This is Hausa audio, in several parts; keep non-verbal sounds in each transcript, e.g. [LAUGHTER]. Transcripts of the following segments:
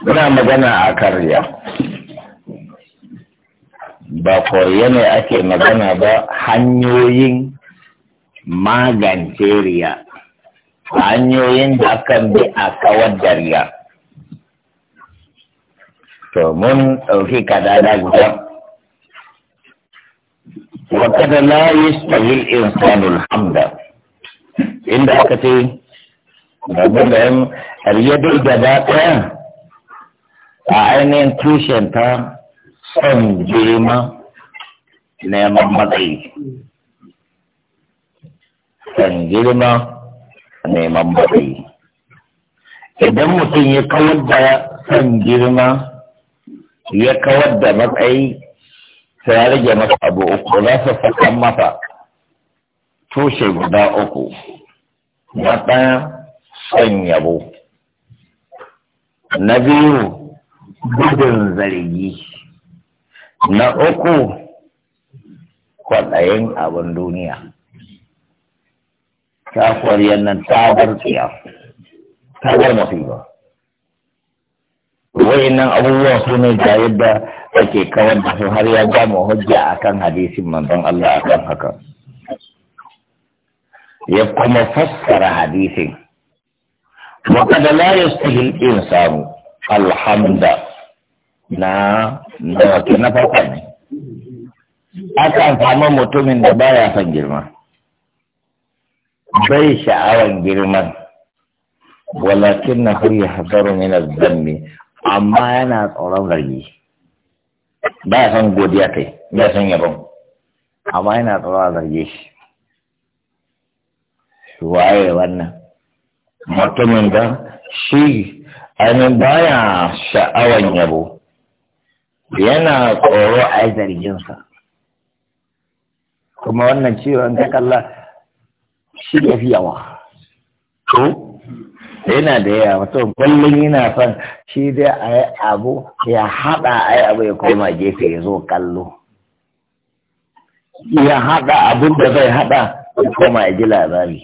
muna magana a karya ba koriya ne ake magana ba hanyoyin magance riya hanyoyin da aka bi a kawar da riya to mun ɗauki kadada guda wakada la yastahil insanul hamda inda aka ce ga da yan riyadar gaba a ainihin ta son girma neman matsayi son girma neman matsayi idan mutum ya kawar da son girma ya kawar da matsayi sai ya rage masa abu uku za su saka masa tushe guda uku na ɗaya son yabo na biyu gudun zargi na uku kwaɗayin abin duniya ta kwariyar nan ta bar tsiya ta bar Wai nan abubuwan su ne ga yadda ake kawar da su har ya gama hujja akan hadisin manzon Allah akan haka ya kuma fassara hadisin wa kada la yastahil insanu alhamda na wato na farko ne akan samu mutumin da baya son girma bai sha'awan girman walakin na kuri hasarun yana zambi amma yana tsoron Ba baya son godiya kai ya son yabo amma yana tsoron zargi shi waye wannan mutumin da shi ainihin baya sha'awan yabo yana tsoro a zarginsa kuma wannan ciwon ta kalla shi ya fi yawa to yana da yawa wato kullum yana son shi dai a yi abu ya haɗa a yi abu ya koma gefe ya zo kallo ya haɗa abin da zai haɗa ya koma ya ji labari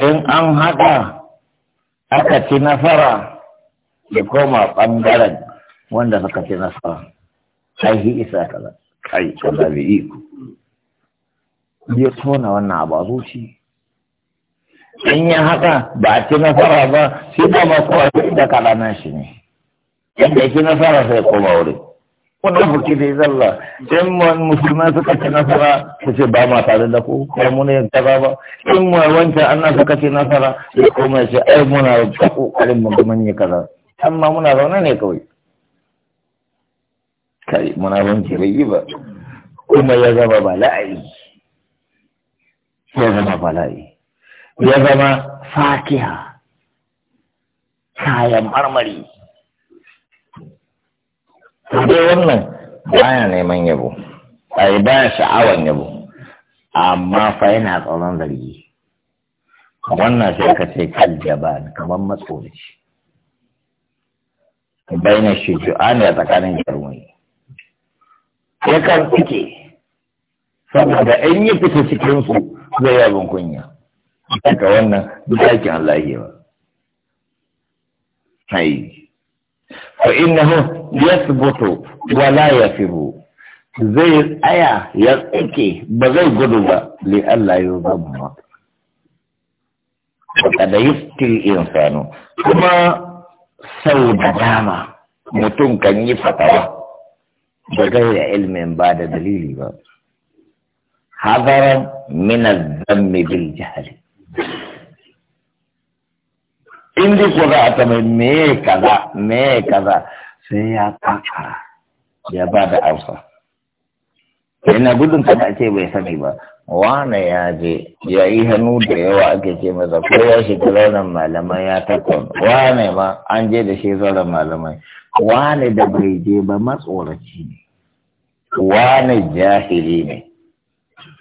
in an haɗa aka ci nasara ya koma ɓangaren wanda suka fi nasara ai isa kaza kai bai yi ku ya tona wannan abu a zuci in ya haka ba a ci nasara ba shi ba ma kowa sai da kalanan shi ne yadda ya ci nasara sai koma wuri wannan fuki da zalla in musulmai suka ci nasara ku ce ba ma tare da ku ko mun yi kaza ba in mu wancan annan suka ci nasara sai koma ya ce ai muna kokarin mu ga manye kaza amma muna zaune ne kawai kai munafunci bai yi ba kuma ya zama bala'i ya zama bala'i ya zama fakiha kayan marmari dai wannan baya neman yabo ai baya sha'awan yabo amma fa yana tsoron zargi wannan sai ka ce kaljaban kamar matsorici bayan shi ju'ani a tsakanin jarumai Ya kan cike saboda in yi fita su zai yi abin kunya daga wannan bisakin Allah yi ba hai fa innahu yathbutu wa la yafiru zai aya ya tsike ba zai gudu ba li Allah ya zama kada yiftil insanu kuma sau da dama mutum kan yi fatawa da gaira ilmin ba da dalili ba hazaran min az bil in ko za a me kaza me kaza sai ya kakara ya ba da amsa yana eh, gudun kada a ce bai sani ba wane ya je ya yi hannu da yawa ake ce masa ko ya shiga zauren malamai ya takon wane ma an je da shi zauren malamai wane da bai je ba matsoraci ne wane jahili ne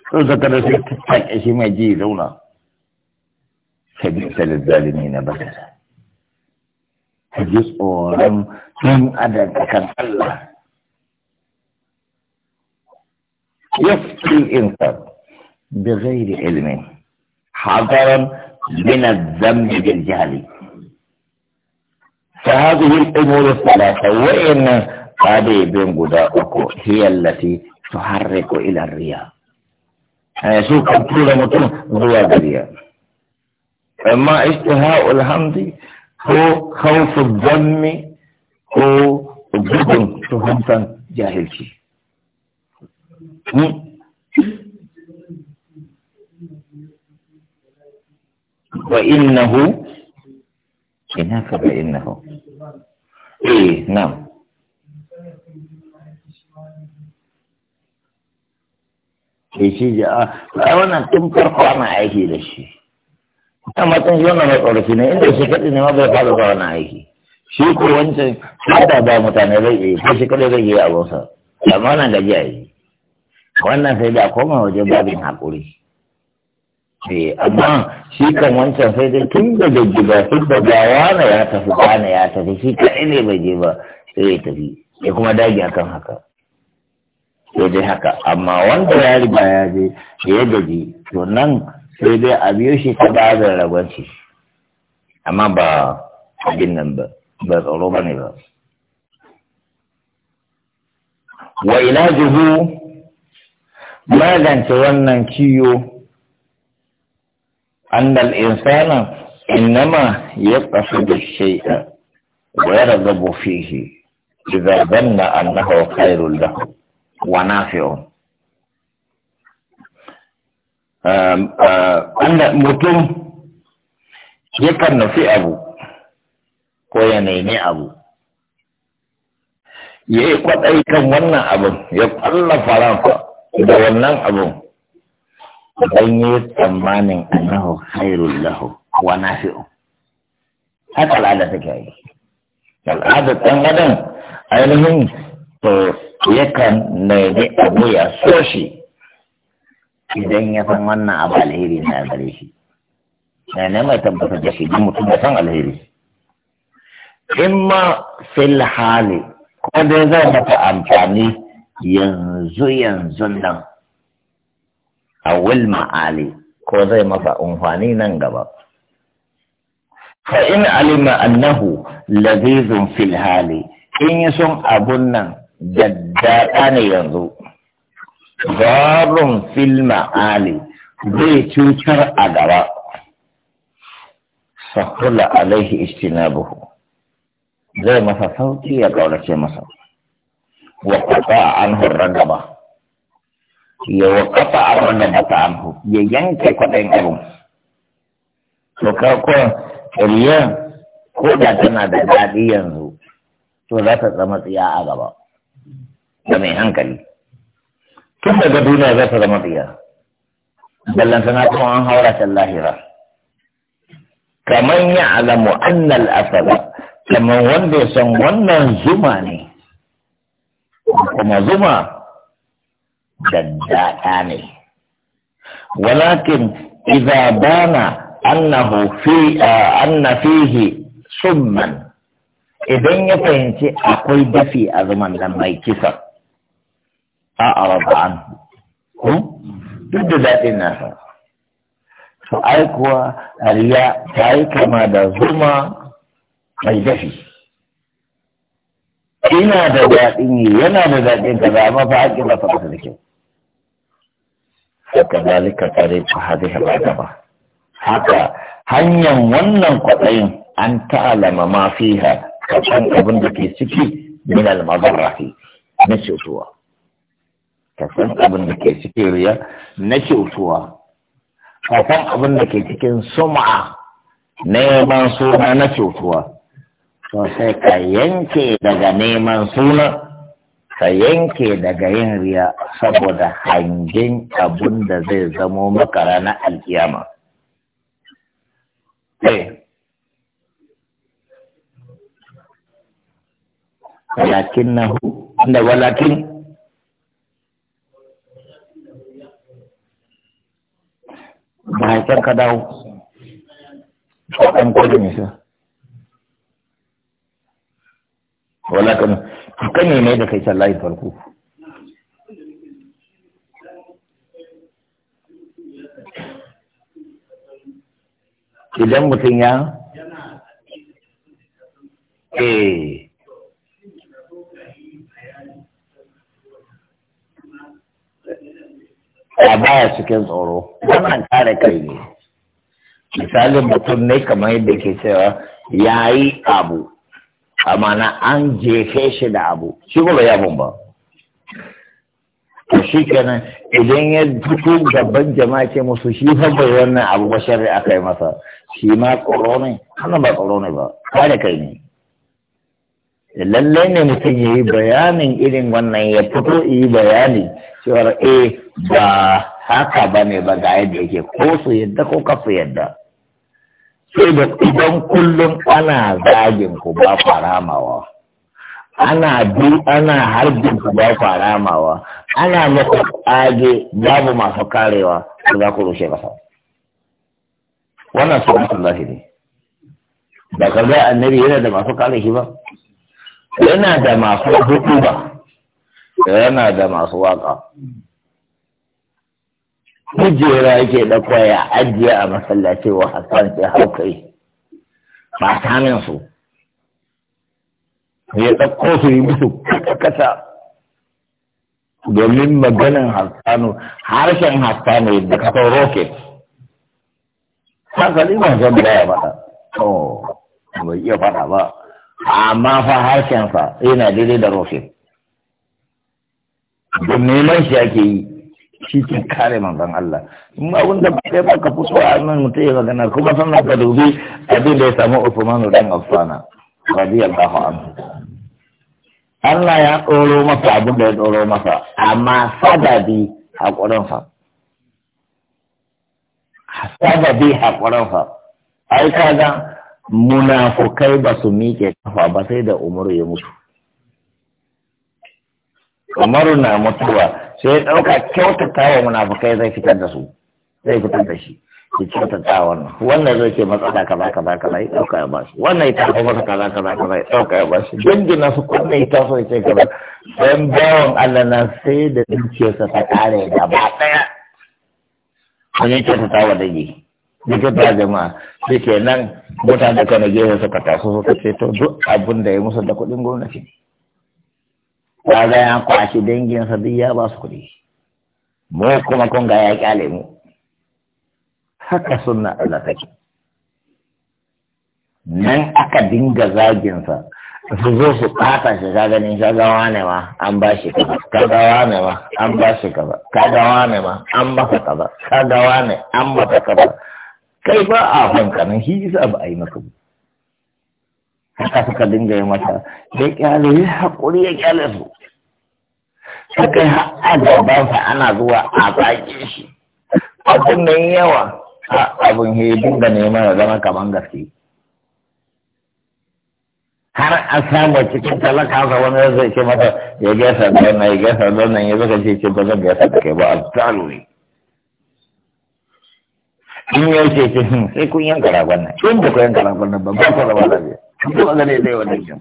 sun saka da sai ta shi mai ji zauna sabisa da zalimi na bakasa ka ji tsoron sun adam kan Allah يفتي الإنسان بغير علم حذرا من الذنب بالجهل فهذه الأمور الثلاثة وإن هذه بين هي التي تحرك إلى الرياء شو كنترول متون هو الرياء أما اشتهاء الحمد هو خوف الذم هو جد جاهل شيء wa innahu ina إيه نعم innahu eh, eh ja a ah, wannan tun farko ana aiki da shi ta matan shi wannan shi ne inda shi kaɗi ne ma bai fara zuwa aiki shi ko wancan hada ba mutane zai yi ko shi kaɗai zai yi abinsa amma nan gajiya yi wannan sai da koma waje babin hakuri. sai eh, amma shi kan wancan sai dai tun da gaji ba tun da gawa na ya tafi gane ya tafi shi kaɗai ne bai je ba sai ya tafi ya kuma dage akan haka sai dai haka amma wanda ya riga ya je ya gaji to nan sai dai a biyo shi ta ba da ragwanci amma ba abin nan ba ba tsaro ba ne ba wa ina juhu magance wannan ciwo annal insana innama yaqsu bi shay'a wa yarghabu fihi idza dhanna annahu khairul lahu wa nafi'un um, uh, mutum yakan nufi abu ko ya nemi abu ya yi kwaɗai kan wannan abin ya ƙwallafa ranka da wannan abu dan yi tsammanin annahu khairul lahu wa nafi'u haka al'ada take yi al'ada ɗan adam ainihin to yakan nemi abu ya so shi idan ya san wannan abu alheri na gare shi na ne mai tabbatar da shi don mutum ya san alheri in ma fil hali ko dai zai mata amfani yanzu yanzu nan a wilma ali ko zai masa amfani nan gaba fa in alima annahu lazizun fil hali in yi son abun nan daddaɗa ne yanzu zarun fil ma'ali zai cutar a gaba sahula alaihi istinabuhu zai masa sauki ya ƙaurace masa وقطع عنه Ya وقطع الرقبة عنه ينكي قطعين أبو فكاكو اليوم كودا تنا دادي ينزو to za ta zama tsiya a gaba da mai hankali tun daga duniya za ta zama tsiya ballantana kuma an haura ta lahira kamar ya alamu annal asala kamar wanda ya san wannan zuma ne kuma zuma da daddaka ne walakin idza bana annahu fi anna fihi summan idan ya fahimci akwai dafi a zuman nan mai kisa a araba'an ko duk da daɗin nasa to ai kuwa riya ta yi kama da zuma mai dafi ina da daɗin yi yana da daɗin kaza amma fa haƙƙi ba ta masa da kyau haka zalika kare ta hadi halaka ba haka hanyar wannan kwaɗayin an ta'alama ma fiha kasan abin da ke ciki min al-madarrafi na cutuwa kasan abin da ke cikin riya na cutuwa kasan abin da ke cikin suma'a, neman suna na cutuwa to sai ka yanke daga neman suna ka yanke daga yin riya saboda hangen abun da zai zamo maka ranar alkiyama eh. walakin na hu da walakin ba haifar ka dawo ko an kudu ne sa wala kan to kan ne da idan mutum ya eh. a baya cikin tsoro wannan kare kai ne misalin mutum ne kamar yadda ke cewa ya yi abu amma na an jefe shi da abu shi ba ya ba to shi kenan idan ya fito gaban jama'a ke musu shi fa bai wannan abu ba sharri aka yi masa shi ma tsoro ne hana ba tsoro ne ba kare kai ne lalle ne mutum ya yi bayanin irin wannan ya fito yi bayani cewar eh ba haka ba ne ba ga yadda yake ko su yadda ko kafa yadda sai da idan kullum ana zagin ku ba faramawa ana bi ana harbin ku ba faramawa ana muku tsage babu masu karewa ku za ku rushe kasa wannan su Allah ne ba zai annabi yana da masu kare shi ba yana da masu hudu ba yana da masu waka kujera yake da ya ajiye a masallaci wa hassan sai haukai ba samin su ya ɗauko su yi musu kasa domin maganin hasanu harshen hasanu da kasar rocket haka ne san da ya faɗa to oh, bai iya fada ba amma fa harshen fa yana daidai da rocket domin neman shi ake yi shi ke kare manzon Allah in wanda ba baka fito a nan mutum ya magana kuma sannan ka dubi abin da ya samu Uthman dan Affana radiyallahu anhu Allah ya tsoro masa abin da ya tsoro masa amma sababi hakurin fa sababi hakurin fa ai kaga munafukai ba su miƙe kafa ba sai da umaru ya mutu kamar na mutuwa sai ya ɗauka kyautata wa munafukai zai fitar da su zai fitar da shi ya kyautata wannan wannan zai ce matsala kaza kaza kaza ya ɗauka ya bashi wannan ita ko masa kaza kaza kaza ya ɗauka ya bashi dangina su kunne ita so ya ce kaza don bawon Allah na sai da sa ta kare gaba ɗaya wani kyautata wa ni duka ba jama'a shi nan mutane kana gefe suka taso suka ce to duk abin da ya musu da kuɗin gwamnati ya ga ya kwashi danginsa duk ya ba su kuɗi mu kuma kun ga ya kyale mu haka sunna Allah take nan aka dinga zaginsa su zo su ɓata shi ka ganin shagawa ne ma an ba shi kaza kagawa ne ma an ba shi kaza kagawa ne ma an masa kaza kagawa ne an masa kaza kai ba a hankalin shi isa ba a yi maka ba haka suka dinga yi masa ya kyale ya haƙuri ya kyale su suka yi a gabansa ana zuwa a zaƙe shi abin mai yawa abin ya dinga neman ya zama kamar gaske har a samu cikin sa wani zai ce mata ya gasa zauna ya gasa zauna ya zaka ce ce ba zan gasa da kai ba a tsalo in yau ce ce hmm, sai kun yanka ragon nan in ba ku yanka ragon nan ba ba ku zama lafiya duk wanda ne zai wannan jin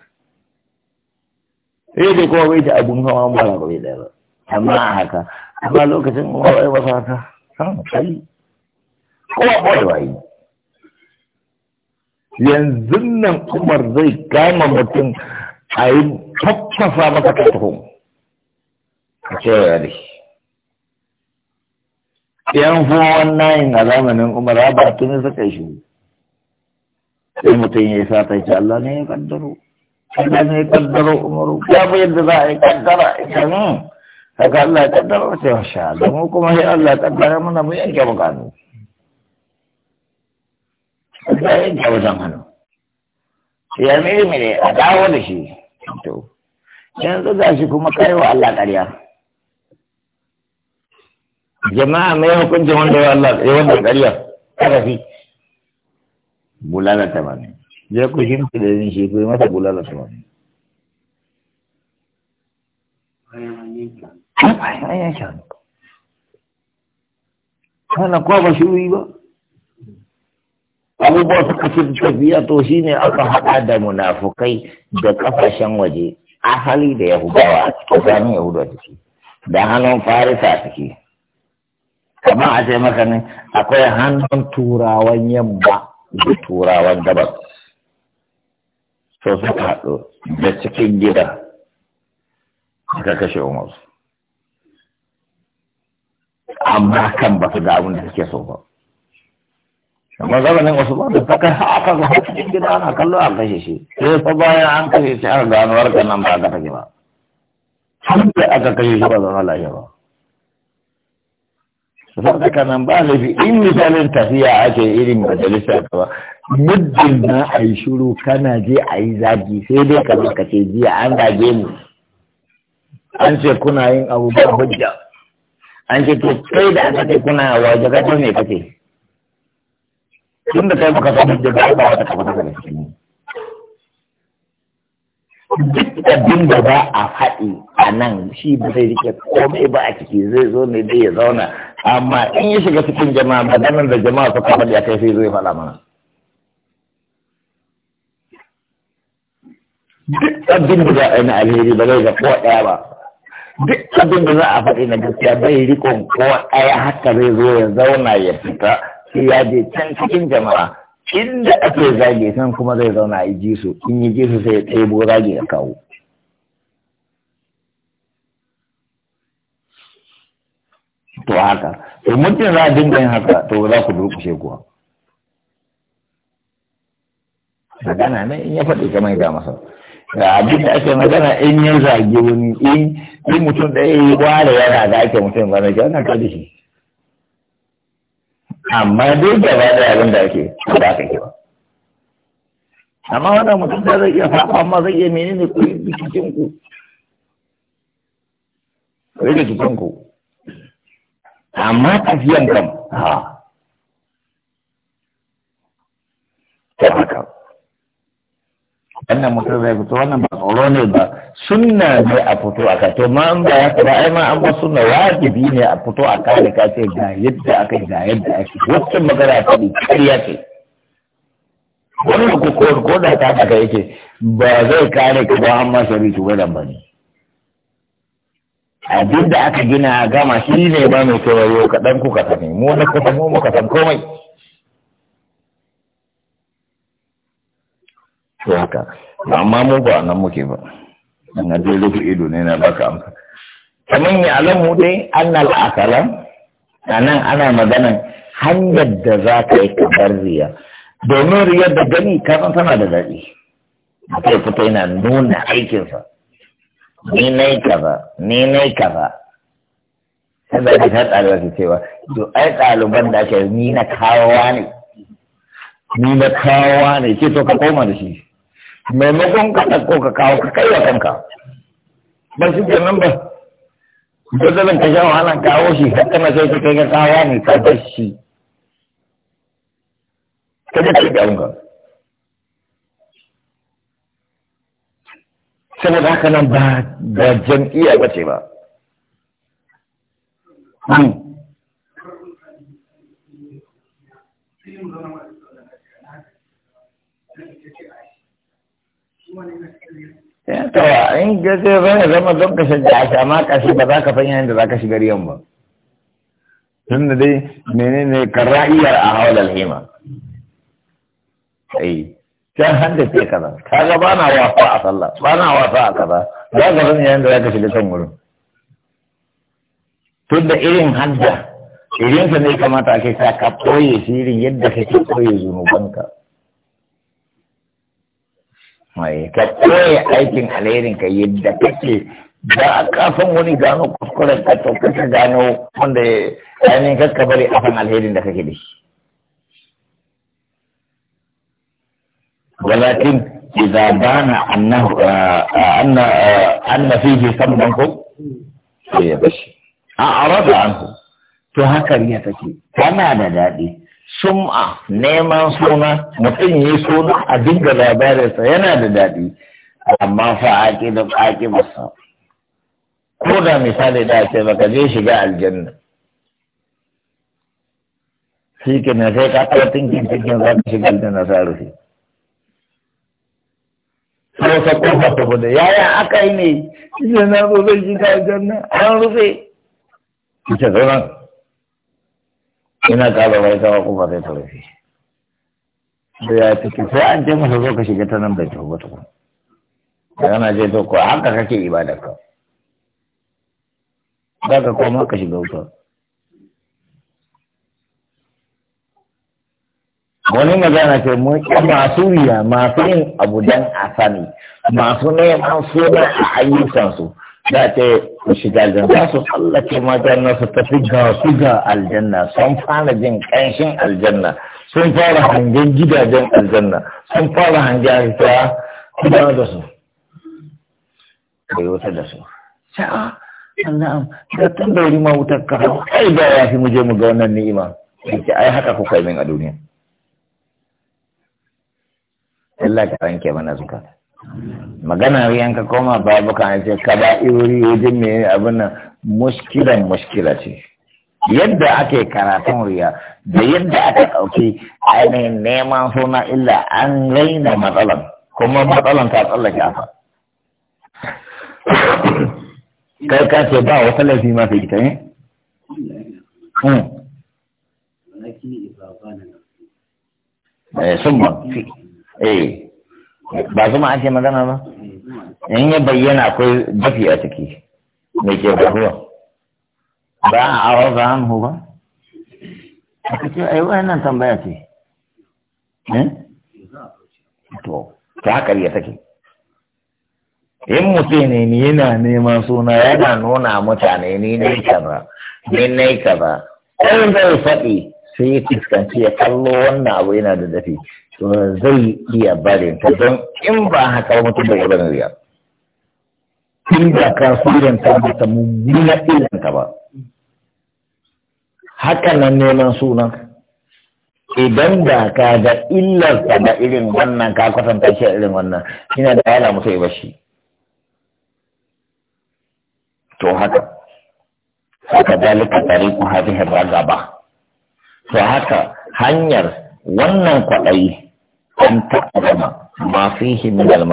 sai dai kuma bai ta abin hawa mara ba bai da ba amma a haka amma lokacin kuma wai ba sa ka san kai kowa bai wayi yanzu nan umar zai kama mutum a yi tattasa masa katuhun a cewa da shi yan fi wannan a zamanin umar ba tuni suka shi sai mutum ya yi sata ce Allah ne ya kaddaro Allah ne ya kaddaro umaru fi yadda za a yi kaddara ita ne haka Allah ya kaddara ce masha Allah mu kuma sai Allah ya kaddara mana mu yanke mu gano ya yanke wajen hannu ya miri miri a dawo da shi to yanzu ga shi kuma kai wa Allah ƙarya jama'a mai hukuncin wanda ya Allah ya wanda ƙarya ƙarfi bulala tamanin Zai ku shimfi da yin shi ku yi masa bulala tamanin bayan shanu kana kuwa ba shi ba abubuwa su kashe tafiya to shi ne aka haɗa da munafukai da ƙafashen waje asali da yahudawa a cikin tsanin yahudawa take da hannun farisa a ciki kamar a ce maka ne akwai hannun turawan yamma da turawan gabas so suka haɗu da cikin gida suka kashe umar amma kan ba su ga abin da suke so ba amma zamanin wasu ba da saka haka ga cikin gida ana kallo a kashe shi sai fa bayan an kashe shi an gano harkar nan ba aka take ba har da aka kashe shi ba zama lafiya ba saboda nan ba laifi in misalin tafiya ake irin majalisa ba muddin na a yi shuru kana je a yi zagi sai dai ka ka ce jiya an gaje mu an ce kuna yin abu ba hujja an ce to kai da aka ce kuna wa daga ta ne kake tun da kai baka san hujja ba ba ta kafa daga duk abin da ba a faɗi a nan shi ba zai rike komai ba a ciki zai zo ne dai ya zauna amma in ya shiga cikin jama'a maganar da jama'a suka faɗi a kai sai zai faɗa mana duk abin da za a yi na alheri ba zai ga ko ɗaya ba duk abin da za a faɗi na gaskiya bai rikon ko ɗaya haka zai zo ya zauna ya fita sai ya je can cikin jama'a inda ake zage san kuma zai zauna a ji su in yi ji su sai ya ɗebo zage ya kawo to haka to mutum za a dinga yin haka to za ku durkushe kuwa magana ne in ya faɗi kamar gama sau ga abin da ake magana in ya zage wani in in mutum ɗaya ya ware yana da ake mutum ba na ke wannan ka shi amma dai ba da abin da ake da aka ke ba amma wannan mutum da zai iya faɗa amma zai iya menene ku yi bikin ku ku amma tafiyan kam ha ta haka wannan mutum zai fito wannan ba tsoro ne ba sunna ne a fito a kai to ma an ba ya ba ai ma an ba sunna wajibi ne a fito a kai ka ce ga yadda aka ga yadda ake wacce magana ta bi kariya ce wani ko ko da ta daga yake ba zai kare ka ba amma shari'a shugaban ba ne abin da aka gina a gama shi ne ba mai sauraro kaɗan kuka sani mu na kusa mu muka san komai to haka amma mu ba nan muke ba na je rufe ido ne na baka amsa kamar ya alamu dai annal akala a nan ana maganan hanyar da za ka yi kamar riya domin riyar da gani kasan tana da daɗi mutum fita yana nuna aikinsa ni nai kaza ni nai kaza sai da ta da su cewa to ai ɗaliban da ake ni na kawowa ne ni na kawowa ne ke to ka koma da shi maimakon ka ɗauko ka kawo ka kai wa kanka ba shi ke nan ba dalilin ka sha wahalan kawo shi har kana sai ka kai ka kawowa ne ka bar shi ka ji ka ga saboda haka nan ba da jam'iyya ba ce ba hmm. to in gaske zai zama don ka shiga a amma kashi ba za ka fanya da za ka shiga riyan ba tun da dai menene karra'iyar a hawal alhima ai can hanta ce kaza kaga ba na wasa a sallah ba na wasa a kaza za ka san yayin da za ka shiga kan wurin tun da irin hanta irin sa ne kamata ake sa ka koye shi irin yadda kake koye zunubanka mai ka koye aikin alherin ka yadda kake da ka san wani gano kuskuren ka to kake gano wanda ainihin kakka bari a san alherin da kake da shi ولكن إذا بان أنه أن أن فيه ثمنه أعرض عنه تهكا يتكي كما نجادي سمعة نيما سونا مطيني سونا أدنك لا بارس ينا نجادي أما فعاكي لك آكي بصا كنا مثال داكي بك جيش جاء الجنة فيك نزيك أطلتين كنتين كنتين كنتين كنتين كنتين كنتين كنتين sai ta kofa ta bude yaya aka yi ne Ina na zo zai ji gagar an rufe ita zaunan ina kala bai tawa kofa sai ta rufe da ya tafi sai an je masa zo ka shiga ta nan bai tafi ba tukun yana je to ko haka kake ibada ka za ka koma ka shiga wuta wani magana ce mun masu riya masu yin abu dan asani masu neman suna a ayyukansu da ce ku shiga aljanna su tsallake mata su tafi ga su ga aljanna sun fara jin kanshin aljanna sun fara hangen gidajen aljanna sun fara hangen ta kuma da su bai wata da su sha'a Allah da tun da wuri ma wutar ka kai da ya fi muje mu ga wannan ni'ima ai haka kuka yi min a duniya Allah ka ranke mana zuka magana riyan ka koma babu bukan ce ka ba iri wajen ne abin nan muskilan muskila ce yadda ake karatun riya da yadda aka ɗauki ainihin neman suna illa an raina matsalan kuma matsalan ta tsallake afa kai ka ce ba wata laifi ma eh? hmm. eh, fi ita ne? sun ba fi. eh ba zuma ake magana ba in ya bayyana akwai dafi a ciki me ke faruwa ba a awar ba an ba a kace ai wannan tambaya ce eh? to ta haka ya take in mutum ne ni yana neman suna yana nuna mutane ni ne kaza ni ne kaza ɗan zai faɗi sai ya fuskanci ya kallo wannan abu yana da dafi to zai iya barin ta don in ba haka mutum da wurin riya in ba ka suranta mata mummuna ta ba haka nan neman sunan idan da ka ga illarsa ba irin wannan ka kwatanta shi irin wannan kina da yana musu yi bashi to haka haka dalika tariqu hadhihi ba. to haka hanyar wannan kwaɗayi an ta'azama ma fihi min al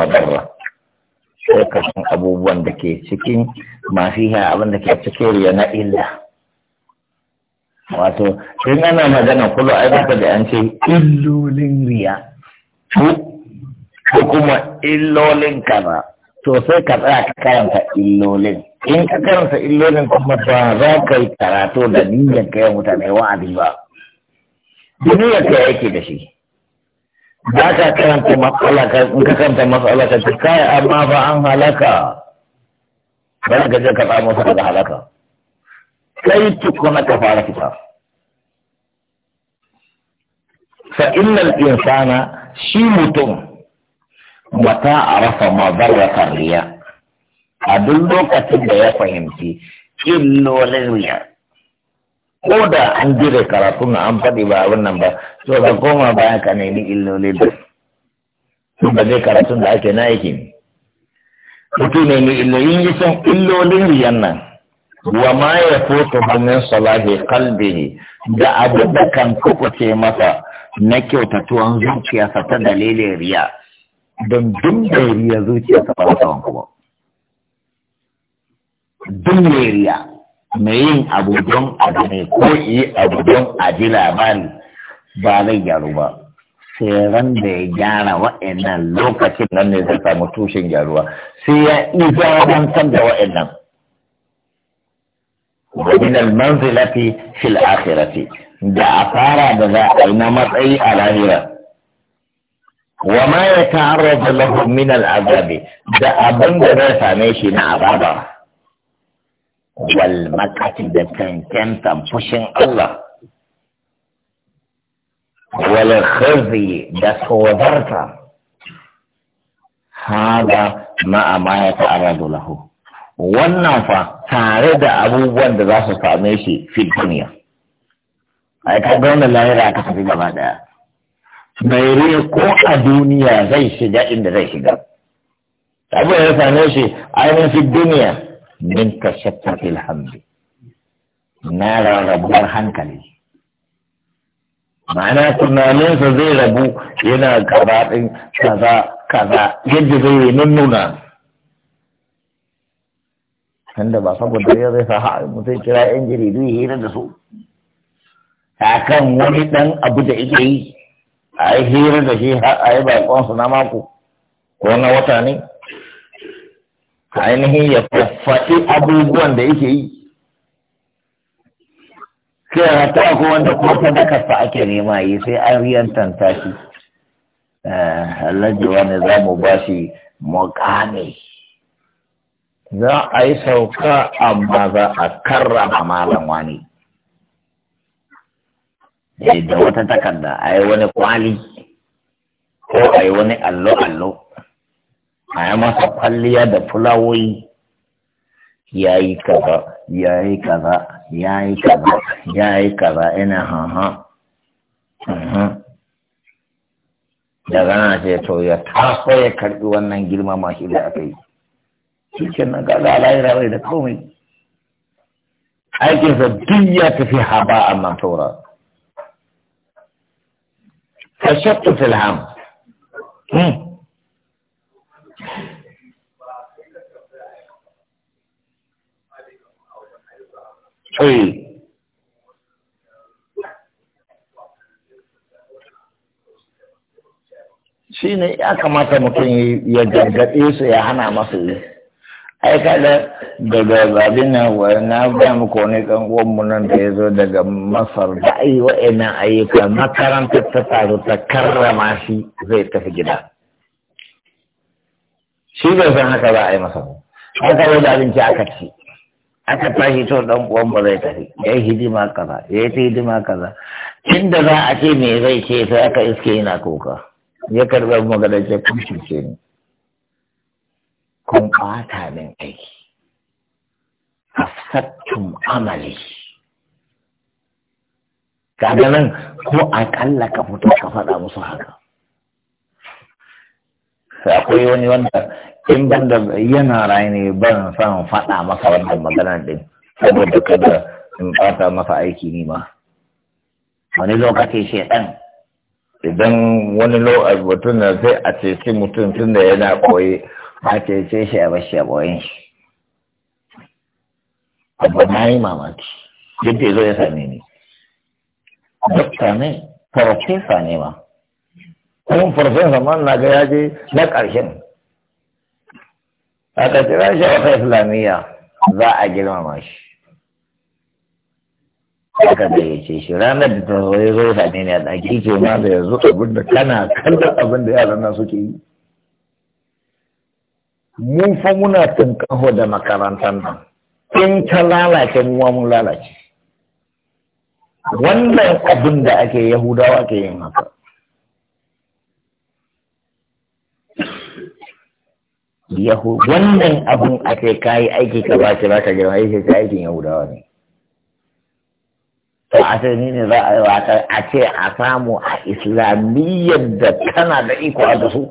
sai ka san abubuwan da ke cikin mafi fihi abin da ke cikin riya na illa wato in ana magana a yi baka da an ce illolin riya ko kuma illolin kaza to sai ka tsaya ka karanta illolin in ka karanta illolin kuma ba za ka yi karatu da niyyar kai mutane wa'adi ba duniyar ka yake da shi za ka karanta matsala ka in ka karanta matsala ka kai amma ba an halaka ba ka je ka samu su daga halaka kai tukuna ka fara fita fa innal insana shi mutum mata arafa ma barra kariya a duk lokacin da ya fahimci illolin wuyar ko da an jire karatu na an faɗi ba abin nan ba to da koma bayan ka ni illoli da ba zai karatun da ake na yake ne mutum ne ni illoli yi san illolin riyan nan wa ma ya foto hannun salahi kalbihi da abu da kan kuɓuce masa na kyautatuwan zuciyarsa ta dalilin riya don duk da riya zuciyarsa ba ta wanku ba duk riya mai yin abu don abu ne ko yi abu don a ji labari ba zai gyaru ba sai ran da ya gyara wa'annan lokacin nan ne zai samu tushen gyaruwa sai ya iya wancan da wa'annan ومن المنزلة في الآخرة da asara da za a yi na matsayi a lahira wa ma ya ta'arrafa lahu min al'azabi da abin da zai same shi na azaba wal makati da cancantan fushin Allah wal khizyi da tsodarta haga ma'a ma ya ta'arradu lahu wannan fa tare da abubuwan da za su same shi fi duniya ai ka ga wannan lahira aka tafi gaba daya mai rai ko a duniya zai shiga inda zai shiga abu ya same shi ainihin fi duniya min tashattatil hamdi na rarrabuwar hankali ma'ana tunaninsa zai rabu yana gaba ɗin kaza kaza yadda zai yi nuna tunda ba saboda ya zai sa mutum kira yan jaridu ya hira da su kan wani ɗan abu da ike yi a yi hira da shi har a yi baƙonsu na mako ko na wata ne ainihin ya faɗi abubuwan da yake yi sai ya ta ko wanda ko ta daka ake nema yi sai an tanta shi eh, alhaji wani za mu ba shi muƙami za a yi sauka amma za a karrama malam wani eh, da wata takarda a wani kwali ko a wani allo-allo a yi masa kwalliya da fulawoyi ya yi kaza ya yi kaza ya yi kaza ya yi kaza ina haha daga na ce to ya taso ya karbi wannan girmama shi da aka yi shi ke nan ga lahira bai da komai aikinsa duk ya tafi haba a matora fashattu filham hmm. shi ne ya kamata mutum ya gargaɗe su ya hana masu yi ai kada daga na wani na gaya muku wani ɗan uwanmu nan da ya zo daga masar da ai wa'annan ayyuka makarantar ta taru ta karrama shi zai tafi gida shi bai san haka za a yi masa ba an kawo da abinci aka ci aka tashi to dan uwan ba zai tafi ya hidima kaza ya yi hidima kaza tun da za a ce me zai ce sai aka iske yana kuka ya karɓar magana ce kun shuke ni kun ɓata min aiki afsattum amali kaga nan ko aƙalla ka fito ka faɗa musu haka akwai wani wanda in ban da yana raye ne ban san faɗa masa wannan magana din saboda kada in ɓata masa aiki ni ma wani lokaci ɗan? idan wani lokaci mutum na sai a ceci mutum tun da yana koyi a cece shi a bashi a boyin shi abu na yi mamaki duk da zo ya same ni dokta ne farfesa ne ma kuma farfesa man na ga ya je na ƙarshen a kira shi islamiyya za a girmama shi ya gayyace shi ranar da ta ya zo ta ne a ɗaki ce ma da yanzu abin da kana kallon abin da yaran nan suke yi mun fa muna tunkaho da makarantar nan in ta lalace mu mun lalace wannan abin da ake yahudawa ke yin haka yahu wannan abun a kai kayi aiki ka ba shi ba ka jira yake ta aikin yahudawa ne to a sai ne za a wata a ce a samu a islamiyyar da kana da iko a su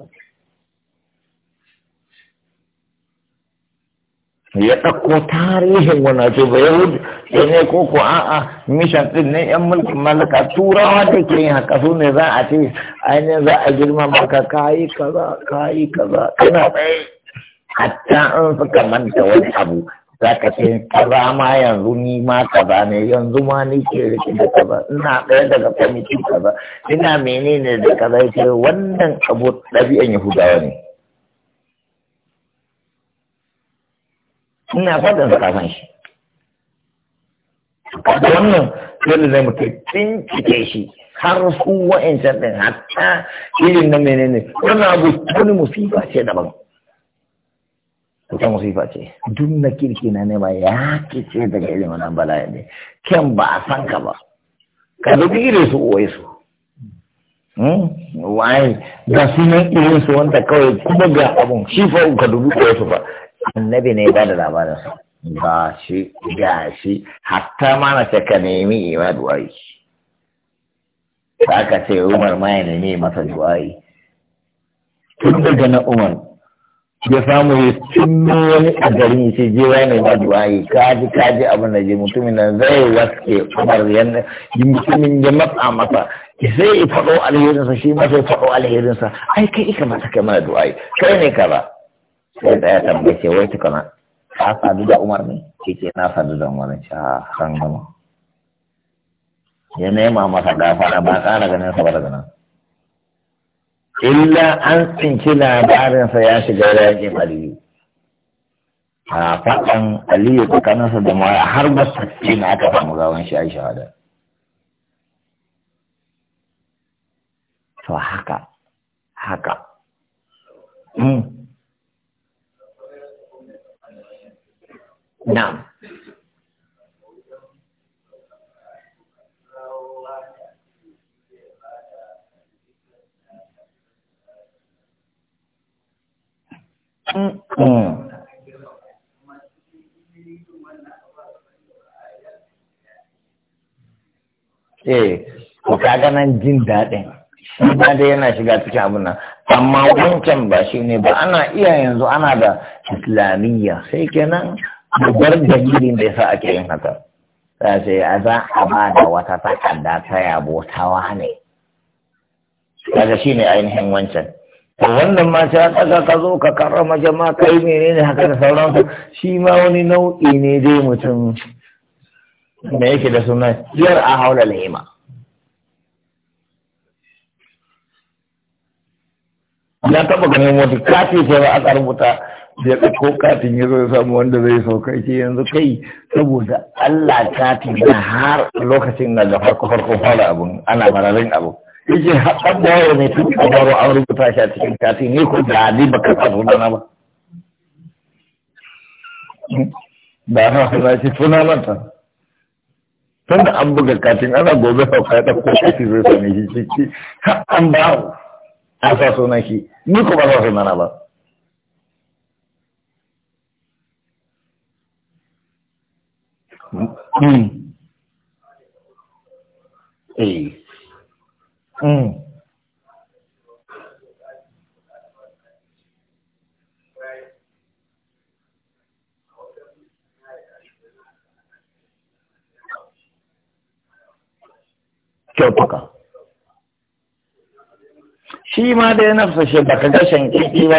ya ɗauko tarihin wani ce ba yahudi da ne ko ko a'a mishan ɗin ne yan mulkin malaka turawa da ke yin haka su ne za a ce ainihin za a girma maka kayi kaza kayi kaza kana ɗaya hatta an suka manta wani abu za ka ce kaza ma yanzu ni ma kaza ne yanzu ma ni ke rike da kaza ina ɗaya daga kwamiti kaza ina menene da kaza ce wannan abu ɗabi'an yahudawa ne ina fadin kafin shi kada wannan dole zai mutu bincike shi har su wa'ancan ɗin hatta irin na menene wannan abu wani musifa ce daban wata musifa ce duk na kirki na nema ya kice daga irin wannan bala'i ne kyan ba a san ka ba ka dubi irin su uwai su hmm? ga nan irin su wanda kawai kuma ga abun shi fa ka dubi uwai su ba annabi ne ba da labarin su ga shi ga shi hatta ma na ce ka nemi ima duwayi ta ka ce umar ma ya nemi masa duwai? tun daga na umar ya samu ya cinno wani a garin ce jewa ne ba duwaye kaji kaji abin da je mutumin nan zai waske kamar yanda mutumin ya matsa masa sai ya faɗo alherinsa shi ma sai faɗo alherinsa ai kai ika mata kai mana duwaye kai ne ka ba sai ɗaya tambaye wai tukana ka sadu da umar ne ke ke na sadu da umar ne a ah, san gama ya nema masa gafara ba ƙara ganin sa ba daga nan illa an tsinci labarinsa ya shiga yakin aliyu a faɗan aliyu tsakaninsa da mara har ba su na aka samu gawan shi a shahada to haka haka hmm. na'am Mm. Eh, ko ga nan jin daɗin. Shi dai yana shiga cikin abin nan. Amma wancan ba shi ne ba ana iya yanzu ana da islamiyya sai kenan babbar dalilin da yasa ake yin haka. Ta ce a za a ba da wata takarda ta yabo ta wane. Kaga shi ne ainihin wancan. wannan ma sai an ɗaga ka zo ka karrama jama'a kai menene haka da sauransu shi ma wani nau'i ne dai mutum Me yake da suna yar a haula lahima Ya taɓa ganin wata kati sai ba a rubuta da ya ko katin ya zo ya samu wanda zai sauka ke yanzu kai saboda Allah katin da har lokacin na da farko farko fara abun ana mararin abu yake haɗar da yawa mai tun kabaro an rubuta shi a cikin kati ne ko da ni ba ka tsaro na ba da na na shi tuna manta tun da an buga kati ana gobe sauka da ɗauko kati zai sami shi shi har an ba a sa sunan shi ni ko ba sa sunana ba hmm. Hmm. Eh. Mm. kyautuka shi ma da ya nafsa shi baka ga shankiki ba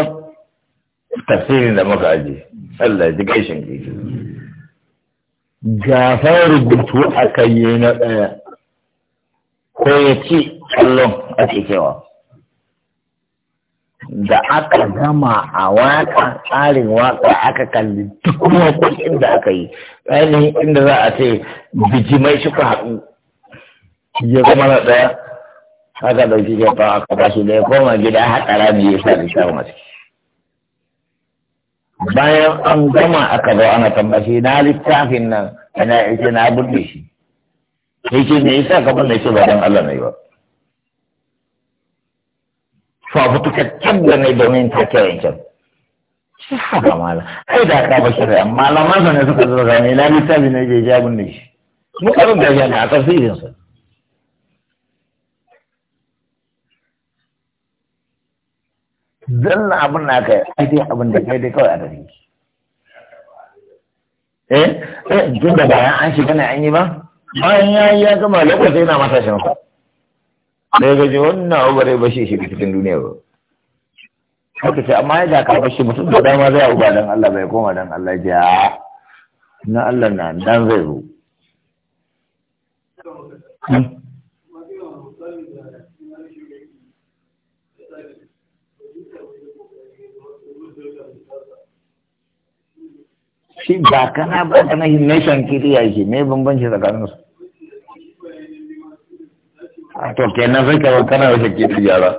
tafsirin da muka aji Allah ji kai shankiki gafar rubutu aka yi na ɗaya ko ya ci kallon ake cewa da aka gama a waka tsarin waka aka kalli duk wakokin inda aka yi ainihin inda za a ce bijimai suka haɗu ya kuma na ɗaya haka ɗauki da fa aka ba shi da ya koma gida haka rami ya sa da masu bayan an gama aka zo ana tambashi na littafin nan ana ce na burge shi sai ce me yasa kamar na ce ba don Allah na yi ba fafutukaccen da mai domin ta kyawun kyan haka mala ai da ka bashi rai amma lamar ne suka zo zane na littafi na je jabin da shi mu karin da shi ne a tafsirin sa dalla abin na kai ai dai abin da kai dai kawai a shi eh eh tun da bayan an shiga ne an yi ba bayan ya yi ya gama lokacin yana matashin ku. sai gaji wannan abu bai bashi shi cikin duniya ba haka sai amma ya ka bashi mutum da dama zai uba dan Allah bai koma dan Allah ja na Allah na dan zai zo hmm? shi ba kana ba kana hin nation ya shi me bambanci su. to kenan sai ka kana rashin kiɗi gyara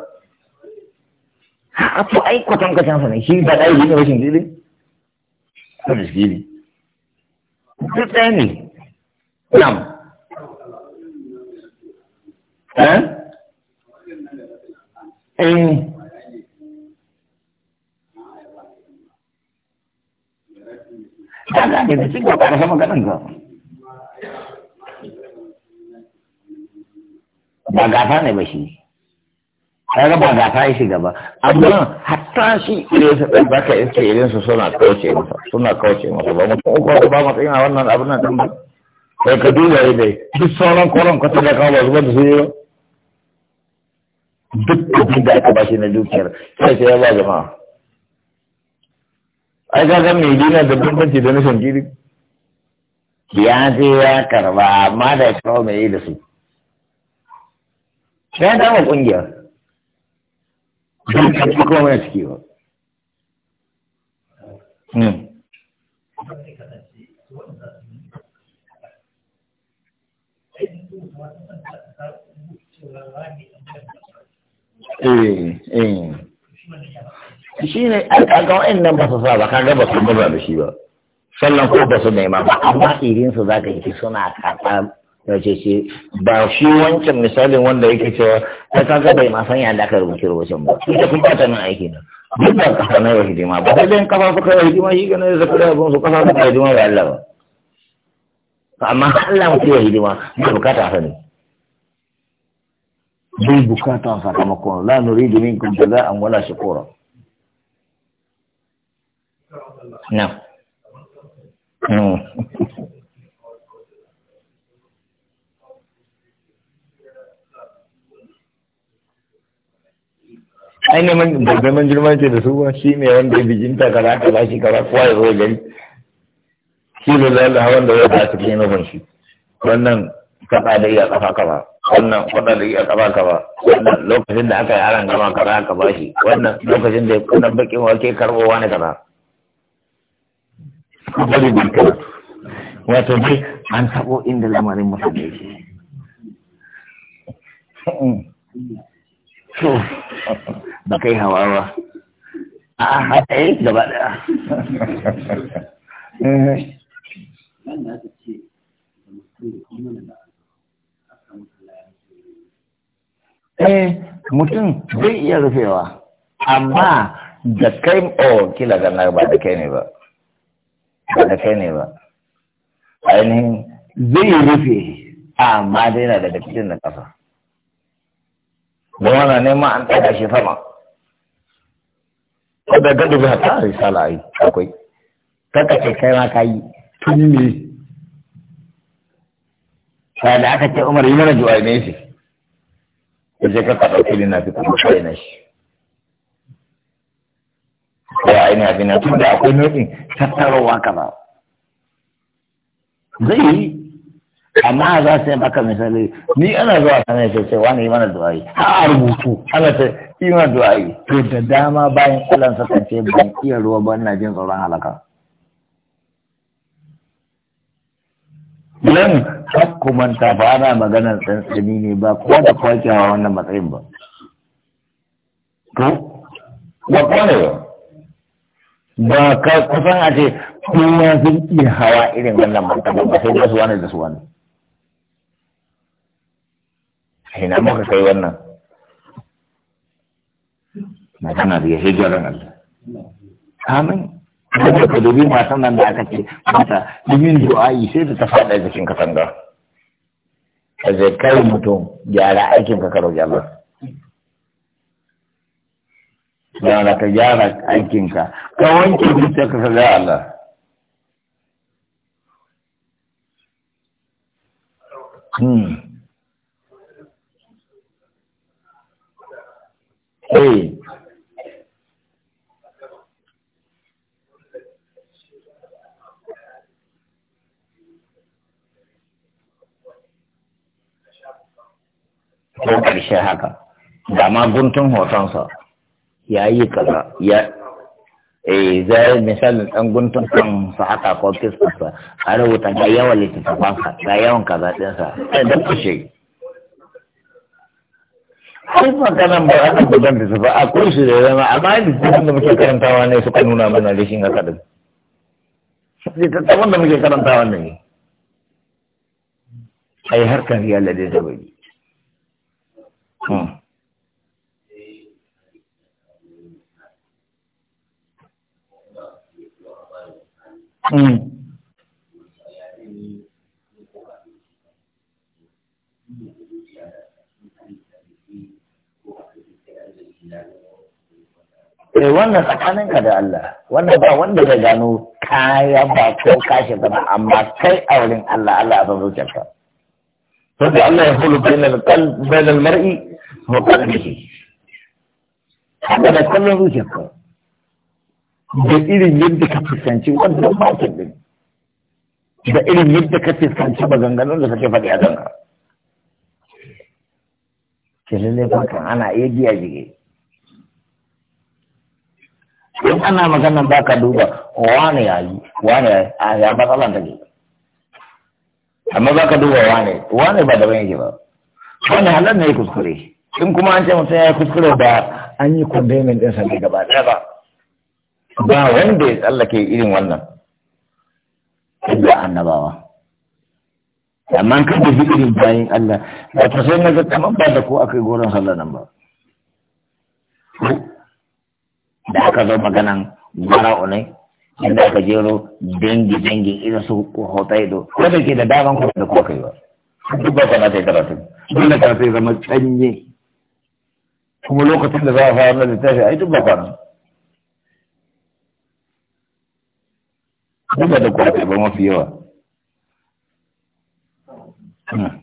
a to ai kwatan kwatan sa ne shi ba dai ne rashin kiɗi ko da kiɗi duk ɗaya ne nam eh eh Jangan, itu sih gue parah sama kadang-kadang. ba gasa ne ba shi kaga ba gasa ya shiga ba amma hatta shi irin su ɗan baka iske irin su suna kauce masa suna kauce masa ba mutum uku ba mutum yana wannan abin nan ɗan ba sai ka duba yi dai duk sauran kwaron kwata da kawo ba da su yi ba duk abin da aka bashi na dukiyar sai sai ya ba jama'a ai ka ga mai dina da bambanci da nufin gidi ya je ya karba amma da ya kawo mai yi da su ya dama kungiya don ka ci kuma mai ciki ba hmm. Eh, eh. shi ne wa'in nan ba su sa ba kan ba su gaba da shi ba sannan ko ba su nema ba amma irinsu za ka yi suna karɓar ya ce shi ba shi wancan misalin wanda yake cewa ta kaga bai ma san da aka rubuce rubucen ba shi da kun ta nan aiki na duk da kafa na yau hidima ba sai dai kafa suka yau hidima shi ganin zaka da abin su kafa suka hidima ga Allah ba amma Allah mutu ya hidima ba bukata sani bai bukata a sakamakon la kun jaza an wala kora na ai neman babban girma ce da su ba shi ne wanda ya bijinta kaza kaza shi kaza kowa ya zo gari shi ne zai hawan da ya ta cikin nufin shi wannan kaɗa da iya kafa kafa wannan kwaɗa da iya kafa kafa wannan lokacin da aka yi aran gama kaza aka ba shi wannan lokacin da kuna bakin wake karɓo wani kaza wato dai an taɓo inda lamarin mutane ke to [LAUGHS] ba kai hawa ba a haɗa yi gaba ɗaya. [LAUGHS] eh mutum zai iya rufewa amma da kai o kila ganar ba da kai ne ba ba da kai ne ba ainihin zai rufe amma dai na daga cikin na kafa don na nema an ɗaga shi sama ko da gado ba ta risala ai akwai kaka ce kai ma kayi yi tun ne sai da aka ce umar yi mana juwa ne shi ya ce kaka ɗauki ne na fi kuma kai na shi ya aini abin na tun da akwai nau'in tattarowa kaza zai yi amma za su yi maka misali ni ana zuwa sana ce ce wani mana du'a'i. a rubutu ana ce yi mana du'ayi to da dama bayan alan sa ce ban iya ruwa ba ina jin tsoron halaka nan kakkumanta ba ana maganar tsantsani ne ba ko da kwakewa wannan matsayin ba ko ba kwane ba ba ka kusan a ce kuma sun iya hawa irin wannan martaba ba sai da su wani da su wani ina muka kai wannan magana da hijiran Allah amin da ka dubi matan nan da aka ce mata domin du'a'i sai da ta faɗa cikin katanga a zai kai mutum gyara aikin ka karo Allah gyara ka gyara aikinka ka wanke zuciyarka ka ga Allah hmm Eh. ko ƙarshe haka da ma guntun hotonsa ya yi kaza ya eh zai misalin ɗan guntun kan su haka ko fiskarsa a rubuta ga yawan littattafansa ga yawan kaza ɗinsa ɗan da kushe ai maganan ba ana gudan da su ba akwai shi da zama amma littafin da muke karantawa ne suka nuna mana rashin haka da littattafan da muke karantawa ne yi harkar riya ladai da bai Mm. Hmm. Eh wannan tsakaninka da Allah, wannan ba wanda zai gano kaya ba ko kashe ba amma kai a wurin Allah Allah a kyauta. Saboda Allah ya hulu nan mar'i wa qalbihi. Haka da kallon zuciyarka. Da irin yadda ka fuskanci wannan bakin din. Da irin yadda ka fuskanci maganganun da kake faɗi a kanka. Ke lallai ana iya biya jige. in ana magana ba ka duba wane ya yi wane ya ya matsalan ke amma ba ka duba wane wane ba daban yake ba wane halar ne ya kuskure in kuma an ce mutum ya yi kuskure ba an yi kwandemin ɗin sa ne gaba ɗaya ba ba wanda ya tsallake irin wannan da annabawa amma kan da shi irin bayan Allah ba ta sai na ga kamar ba da ko akai goron sallah nan ba da aka zo maganan bara'u ne inda aka jero dangi dangi irin su hotaido ko da ke da daman ku da kuma kaiwa duk ba kana sai karatu dole ka sai zama canye kuma lokacin da za a fara da tashi ai duk ba kana duk da kuma ba mafi yawa hmm.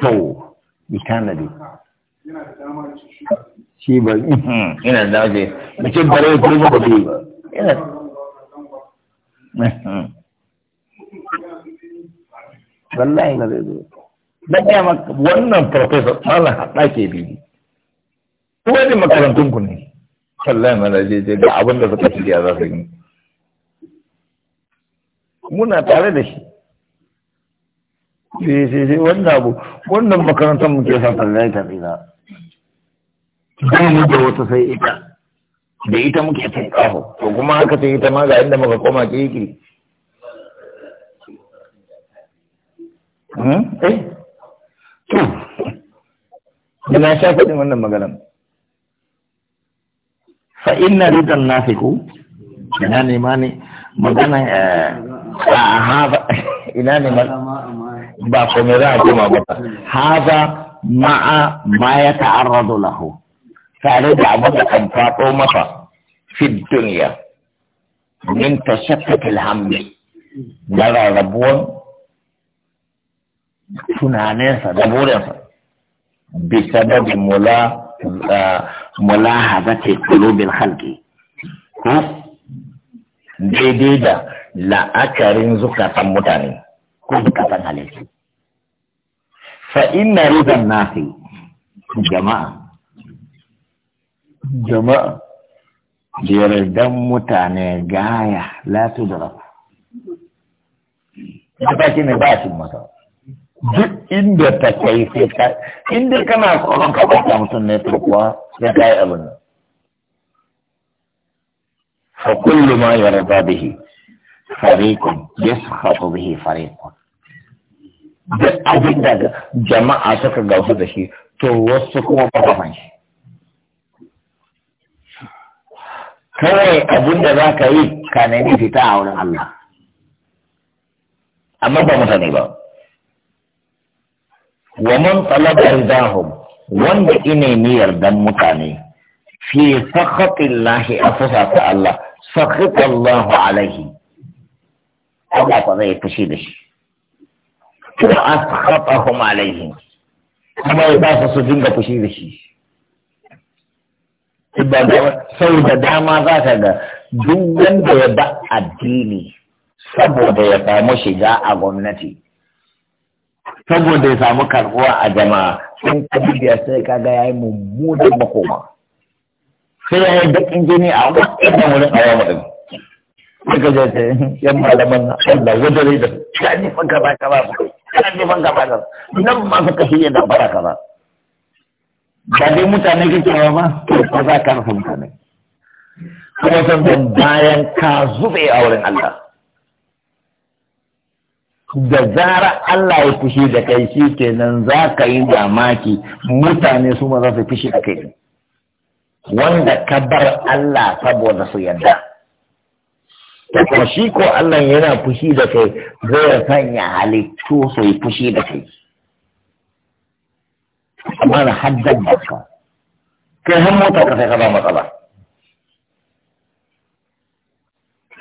to yi tanadi shi ba yana [LAUGHS] da ce bare ya ba ba yana da ɗaya [LAUGHS] maka wannan tsala haɗa ke kuma ne makarantun ku ne wallahi mana abin za su yi muna tare da shi sai sai sai wannan abu wannan makarantar mu ke sa tallai ta tsira ba mu da wata sai ita da ita muke ta kawo to kuma haka ta ita ma ga inda muka koma kirkiri hmm? eh to ina sha faɗin wannan maganar fa inna ridan nafiku ina ne ma ne magana eh, a [LAUGHS] ina ne ma هذا مع ما يتعرض له فعليك عبد الانفاق ومطا في الدنيا من تشكك الهم لذا ربون تنانيسا ربونيسا بسبب ملا ملاحظة قلوب الخلق ديدا دي لا أكرن زكاة متانين ko bukatan halittu fa inna ridan nasi jama'a jama'a yardan mutane gaya la tudrak ita ce ne ba shi masa duk inda ta kai sai ka inda kana tsoron ka kwanta mutum ne to kuwa sai ka yi abin nan fa kullu ma yarda bihi فريق يسخط به فريق ابن دا جماعة سكر قوسة دشي تو وسكو وقفا فانش كوي ابن إيه؟ كان يني فتاة الله اما با مثلا ومن طلب رضاهم وان اني مير دم مكاني في سخط الله افسات الله سخط الله عليه Allah ko zai fushi da shi wa asqatahum alaihim kuma ya ba su dinga fushi da shi sau da dama za ka ga duk wanda ya ba addini saboda ya samu shiga a gwamnati saboda ya samu karbuwa a jama'a sun kabiya sai kaga ya yi mummunan makoma sai ya yi bakin jini a wasu ɗan wurin a yawon daga jaje yan malaman na Allah wadare da ya ne fanka ba ka ba ya ne fanka ba ka nan ma kashi fiye da ka ba ba dai mutane kake ba ba ba za ka rufe mutane kuma san bayan ka zube a wurin Allah da zara Allah ya fushi da kai shi kenan za ka yi damaki mutane su ma za su fushi da kai wanda ka bar Allah saboda su yadda kuma shi ko Allah yana fushi da kai zai sanya halittu su yi fushi da kai amma na haddan baka kai har mota ka sai ka ba matsala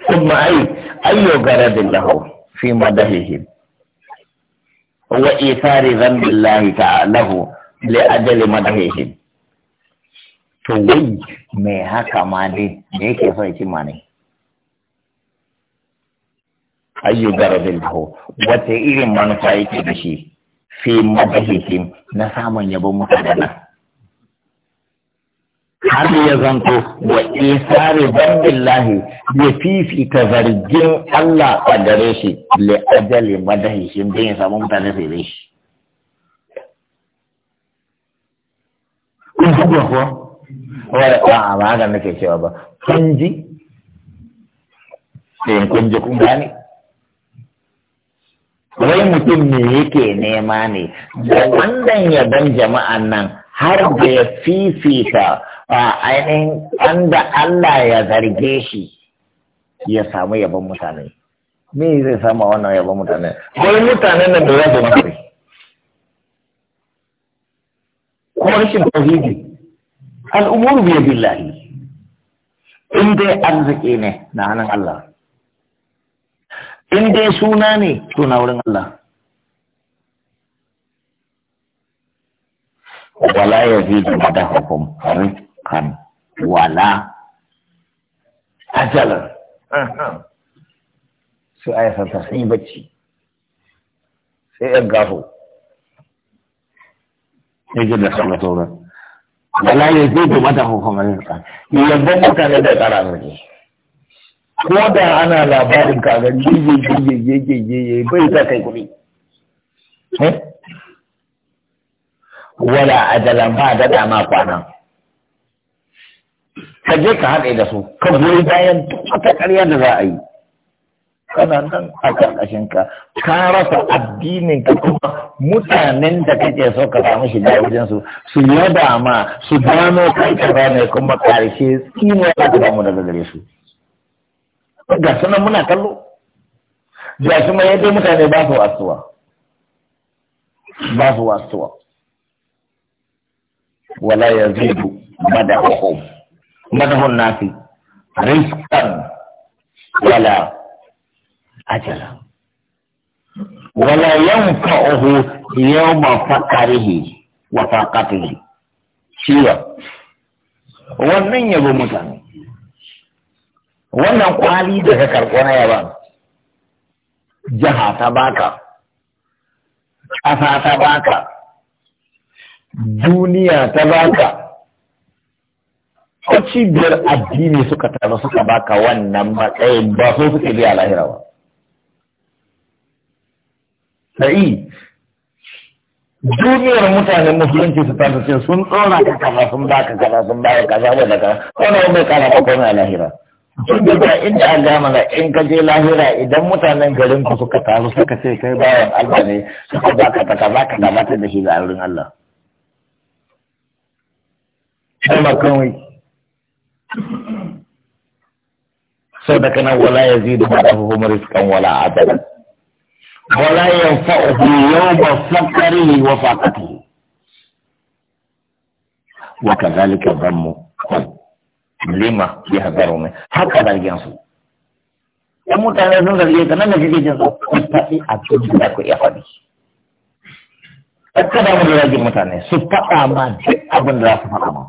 kuma ai ayyo garadin lahu fi madahihim wa isari zambillahi ta'alahu li ajali madahihim to wai mai haka ma dai da yake son shi ma ne ayyu garabin ho wata irin manufa yake da shi fi madahihim na samun yabon mutanen har ya zanto wa isari zambillahi ya fifita zargin Allah a gare shi le ajali madahihim don ya samu mutane sai dai shi kun kuma kuwa wai a ba haka nake cewa ba kun ji sai eh, kun ji kun gane wai mutum ne yake nema ne da wannan yabon jama'an nan har da ya fifita a ainihin wanda Allah ya zarge shi ya samu yabon mutane me zai samu wannan yabon mutane wai mutane nan da za su mafi kuma rashin tauhidi al'umuru biyu billahi in dai arziki ne na hannun Allah in dai suna ne suna wurin Allah wala ya fi da madahukum rizqan wala ajalan su aya ta sun yi bacci sai yan gafo yake da sama sauran wala ya fi da madahukum rizqan yadda mutane da tsara rage ko da ana labarin ka ga gege gege gege gege bai ta kai kuɗi eh? wala ajalan ba da dama kwana ka je ka haɗe da su ka goyi bayan duk wata ƙarya da za a yi kana nan a ƙarƙashin ka ka rasa addinin ka kuma mutanen da kake so ka samu shiga wajen su su yaba ma su gano kai ka ne kuma ƙarshe tsinuwa za ka daga gare su ga sunan muna kallo ga shi mai yadda mutane ba su wasuwa ba su wasuwa wala ya zidu madahuhum madahun nasi rizqan wala ajala wala yanfa'uhu yawma faqarihi wa faqatihi shiwa wannan yabo mutane wannan kwali da ka karɓo na yaban jaha ta baka ƙasa ta baka duniya ta baka ko cibiyar addini suka taru suka baka wannan matsayin ba so suke biya lahira ba sai duniyar mutanen musulunci su tasu sun tsora ka kaza sun baka kaza sun baka kaza da kaza wani wani kana ko na lahira Tunda ba inda gama mana in ka je lahira idan mutanen garin ku suka taru suka ce kai bayan Allah ne suka ba ka ta kaza ka gabatar da shi ga aurin Allah. Sai ma kawai. Sau da kana wala ya da ma ɗafi kuma riskan wala a tsakan. Wala ya fa'uhu yau ba fakari wa fakatu. Wa kazalika zammu. lima ya haɗaro mai haka zargin su in mutane sun zarge ka nan da kake jin su kun faɗi abin da ku iya faɗi kada mu da mutane su faɗa ma duk abin da za su faɗa ma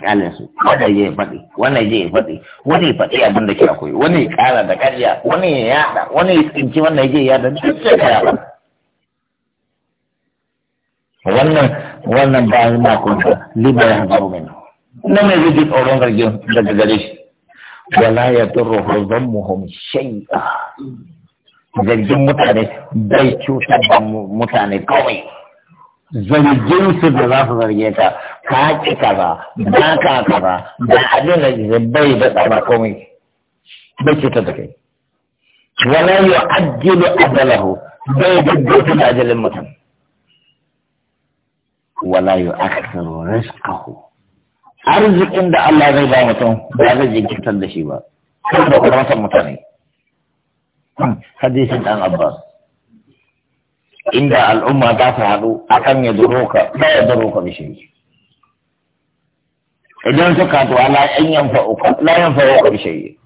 kyalin su wanda ya faɗi wannan ya faɗi wani ya faɗi abin da ke akwai wani ya ƙara da ƙarya wani ya yaɗa wani ya tsinci wannan ya yaɗa duk sai ka yaɗa wannan wannan ba yi makonta lima ya hanzaru min na mai zai ji tsoron zargin daga gare shi wala ya turo hozon muhim shai'a zargin mutane bai cutar da mutane kawai zargin su da za su zarge ta ka ki kaza ba ka kaza da abin da bai da tsama komai bai cutar da kai wala yu'ajjilu ajalahu bai gaggauta da ajalin mutum wala yu aksaru rizqahu arzikin da Allah zai ba mutum ba zai jinkirtar da shi ba kan da kuma san mutane hmm, hadisin dan Abbas inda al'umma za su haɗu akan ya duroka ba ya duroka ka shi idan suka to ala yan yanfa uka la yanfa uka bishiri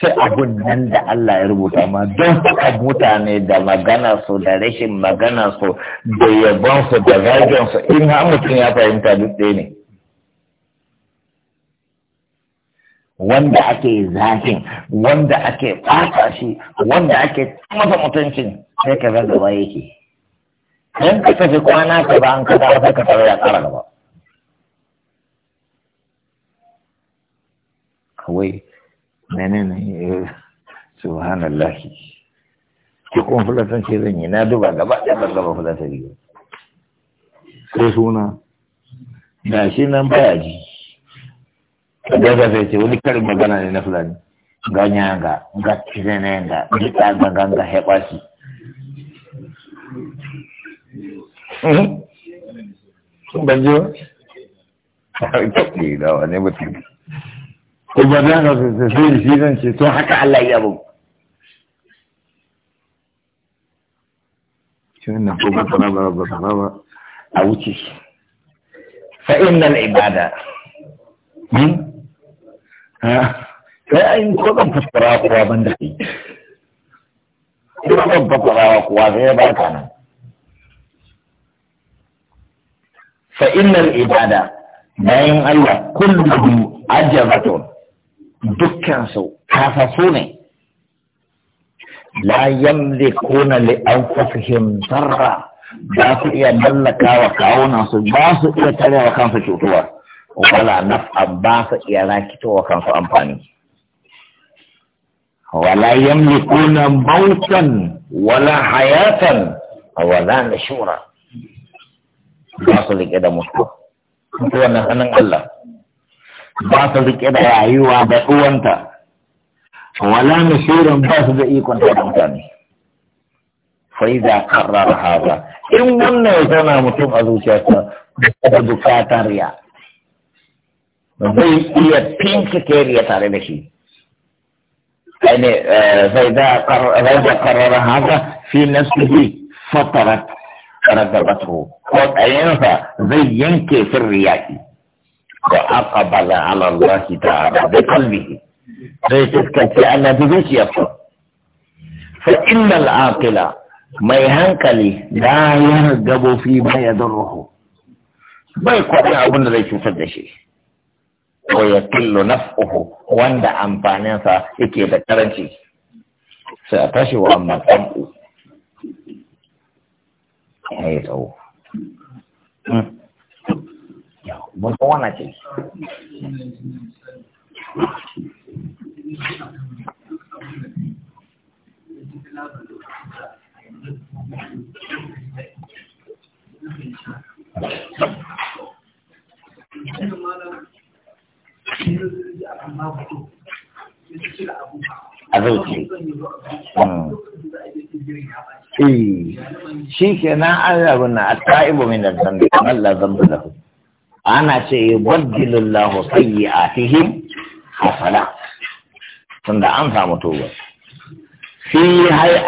sai abun nan da Allah ya rubuta ma don haka mutane da magana su da rashin magana su da yabon su da zagin su in ha mutum ya fahimta duk ɗaya ne wanda ake zafin wanda ake ɓata shi wanda ake masa mutuncin sai ka zaga gaba yake Ɗan ka tafi kwana ka ba an ka dawo sai ka tsara ya ƙara gaba menene eh, subhanallahi ki kun fulatan ce zan yi na duba gaba ɗaya ba gaba fulata biyu sai suna da shi nan baya ji da ga sai ce wani karin magana ne na fulani ganya ga ga kizene ga gita ga ganga heɓa shi sun eh? ban ji ba? [LAUGHS] ne mutum وبعدين تصير جدا تضحك على يابو شنو نقول ترى لا ترى اوتش فان العباده من ها فاين كلهم في التراب وابندقي كلهم بطلع وقوافي باركانا فإن العبادة ما نعم ينقل كله أجابتون dukkansu kafafu ne la kuna li anfusihim darra ba su iya mallaka wa kawunan su ba su iya tare wa kansu cutuwa wala naf'a ba su iya wa kansu amfani wala kuna mautan wala hayatan wala nashura ba su liƙe da mutuwa mutuwa na hannun Allah ba su riƙe da rayuwa da uwanta wala nasirin ba su da ikon ta da mutane sai da karrar haza in wannan ya zauna mutum a zuciyarsa da bukatar riya zai iya fincike riya tare da shi يعني فإذا قرر قرر هذا في نفسه فطرت رقبته قد أينها زي ينكي في الرياء wa aqbala ala Allah ta'ala bi qalbihi sai fuskanci Allah da zuciyarsa fa innal aqila mai hankali la yargabu fi ma yadurruhu bai kwaɗi abin da zai cutar da shi ko ya killo naf'uhu wanda amfaninsa yake da karanci sai a tashi wa amma mun a mm. eh, shi ke nan an rabu na a ta'ibu min da zambi kamar zambi ana ce yubaddilullahu sayyi'atihim hasana tunda an samu toba fi hai